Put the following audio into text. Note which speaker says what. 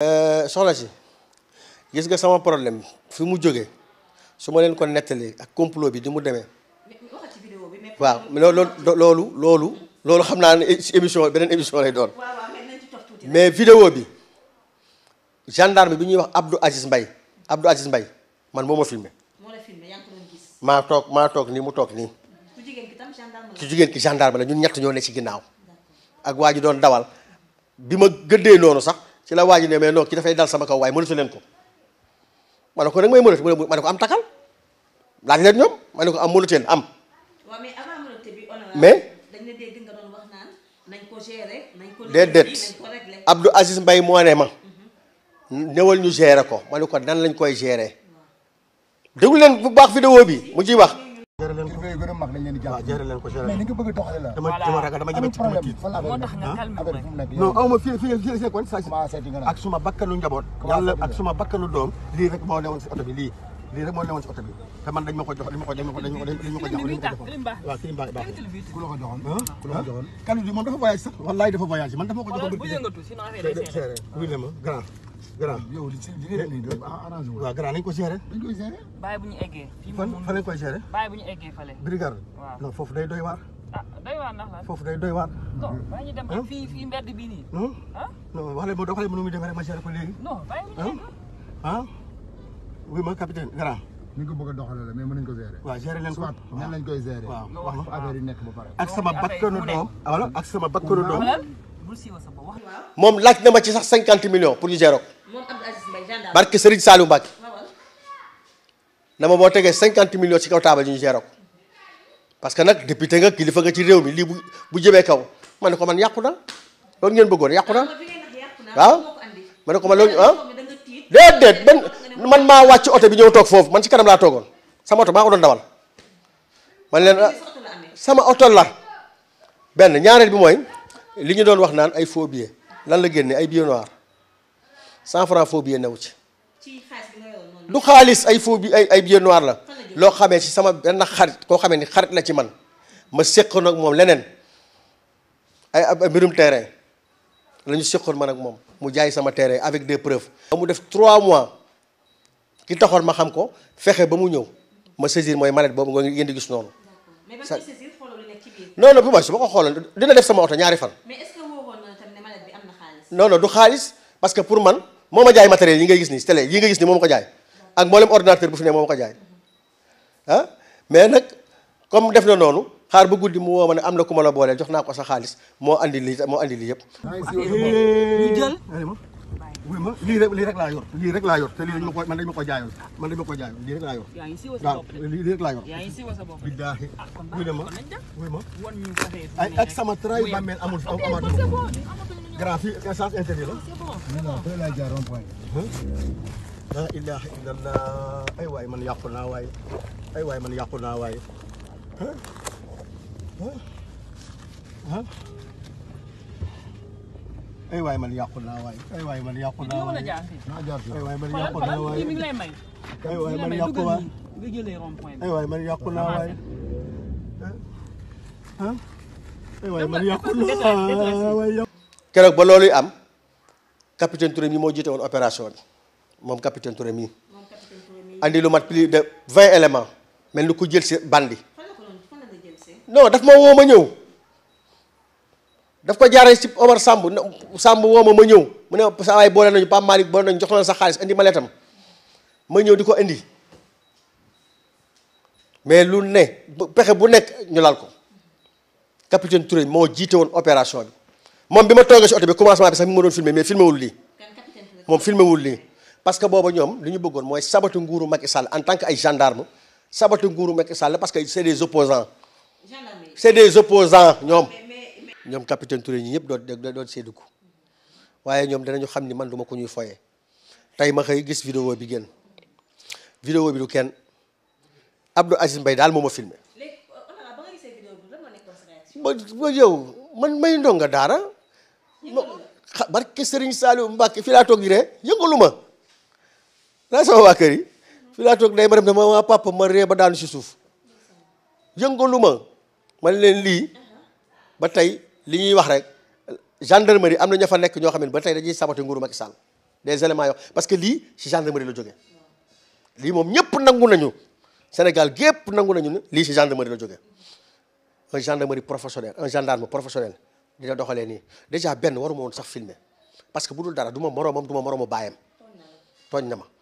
Speaker 1: Euh, soxla si gis nga sama problème fi mu jógee su ma leen ko nettalee ak complot bi di mu demee waaw loolu loolu loolu loolu xam naa ne émission beneen émission lay doon mais vidéo bi gendarme bi ñuy wax Abdou Aziz mbay Abdou Aziz Mbaye man moo ma filmé toog maa toog nii mu toog nii ki jigéen ki gendarme la ñun ñett ñoo ne ci ginnaaw ak waa ji doon dawal bi ma gëddee noonu sax ci la waa ji ne mais non ki dafay dal sama kaw waaye mënatu ko ma ne ko nag may mënatu ma ne ko am takkal laaj leen ñoom ma ne ko am mënatu leen am. waaw mais avant mënatu bi mais dañ moo ne ma. Mhm. ñëwal ñu gérer ko ma ne ko nan lañ koy gérer. déglu leen bu baax vidéo bi mu ciy wax. jërë leen ko gën a mag dañ leen di jàpp jërë leen ko mais ni nga bëgg a doxale la dama dama ragal dama ñeme ci ma tiit moo tax nga calme non aw ma fii fii fii kon ak suma bakkanu njaboot yàlla ak suma bakkanu doom lii rek moo newoon si oto bi lii lii rek moo newoon si oto bi te man dañ ma ko jox dañ ma ko dañ ma ko dañ ma ko dañ ma ko jox waaw kii mbaa baax ku la ko joxoon ku la ko joxoon kanu bi moom dafa voyage sax wallaay dafa voyage man dafa ma ko joxoon bu yëngatu sinon affaire day seere ma grand grand yow li ci li ngeen di def arrangé wu. nañ ko gérer. dañ koy gérer. bàyyi bu foofu day doy waar. Ah, foofu day doy waar. non bàyyi wax leen ma doxalee ma nu muy ma gérer ko léegi. non bàyyi bu ñu eggee. ah oui ma capitaine grand. ni nga ko bëgg a doxalee la mais ko wax nga nekk ba pare. ak sama bakkanu doom. Ah, voilà ak sama bakkanu doom. moom laaj na ma ci sax cinquante millions pour ñu gérer ko. moom Abdou Aziz Mbaye gendarme. barke Serigne Saliou Mbacke. na ma boo tegee cinquante millions ci kaw taabal ñu gérer ko parce que nag député nga kilifa nga ci réew mi lii bu bu jëmee kaw man ne ko man yàqu na loolu ngeen bëggoon yàqu na waaw. ma ne ko man loolu ah déedéet man man maa wàcc oto bi ñëw toog foofu man ci kanam laa toogoon sama oto maa ko doon dawal. man leen ah, sama oto la benn ñaareel bi mooy. li ñu doon wax naan ay faux lan la génne ay billets noirs cent francs faux new newu ci. du xaalis ay faux bi ay ay billets la. loo xamee ci sama benn xarit koo xamee ni xarit la ci man ma séqoon ak moom leneen ay ab mbirum terrain la ñu séqoon man ak moom mu jaay sama terrain avec des preuves. ba mu def trois mois ki taxoon ma xam ko fexe ba mu ñëw ma saisir mooy mallette boobu nga ngeen di gis noonu. non non bu ma su ma ko xooloon dina def sama oto ñaari fan. mais du xaalis parce que pour man moom ma jaay matériel yi ngay gis nii télé yi nga gis nii moom ma ko jaay ak mboolem ordinateur bu fi ne moo ma ko jaay ah mais nag comme def na noonu xaar ba guddi mu woo ma ne am na ku ma la booleel jox naa ko sa xaalis moo andi lii moo andi lii yëpp. lii rek lii rek laa yor lii rek laa yor ko man dañ ma ko jaayoon man dañ ma ko jaayoon lii rek laa yor waaw lii rek laa yor billaahi ah, wuy ma wuy ma ay ak sama tray bàmmeel amul amatu grand fii essence eh, interdit la la ilaha illallah ay waay man yàqu naa waay ay waay man yàqu naa waay ay waay man yàqu naa waay ay yàqu naa ay waay man man yàqu waay ay waay man yàqu naa waay ay waay man yàqu naa waay keroog ba looluy am capitaine Touré moo jiite woon opération moom capitaine Touré mi andi lu mat plus de vingt éléments mel ni ku jël si bandi non daf ma woo ma ñëw daf ko jaaree si Omar Samb Samb woo ma ma ñëw mu ne sa waay boole nañu Pape Malick boole nañu jox na sa xaalis indi ma leetam ma ñëw di ko indi mais lu ne pexe bu nekk ñu laal ko capitaine Touré moo jiite woon opération bi moom bi ma toogee si oto bi commencement bi sax mi ma doon filmé mais filmé wul lii moom filmé lii parce que boobu ñoom li ñu bëggoon mooy sabatu nguuru Macky Sall en tant que ay gendarme sabatu nguuru Macky Sall parce que c'est des opposants c'est des opposants ñoom ñoom capitaine Touré ñi ñëpp doon doon sédduku waaye ñoom danañu xam ni man du ma ko ñuy foye tey ma xëy gis vidéo bi génn vidéo bi du kenn Abdou Aziz Mbaye daal moo ma filmé oh, oh ba man may ndonga daara barke Serigne Saliou Mbacke fii laa toog di ree yëngalu ma naa sama waa kër yi day ma dem ne ma papa ma ree ba daanu si suuf yëngalu man leen lii uh-huh. ba tey li ñuy wax rek gendarmerie am na ña fa nekk ñoo xam ne ba tey dañuy saboté nguuru Macky Sall des éléments yoo parce que lii ci gendarmerie la jógee lii moom ñëpp nangu nañu Sénégal gépp nangu nañu ne lii ci gendarmerie la jógee un gendarmerie professionnel un gendarme professionnel dina doxalee nii déjà benn waruma woon sax filmer parce que bu dul dara du ma moroomam du ma moroomu baayam tooñ na ma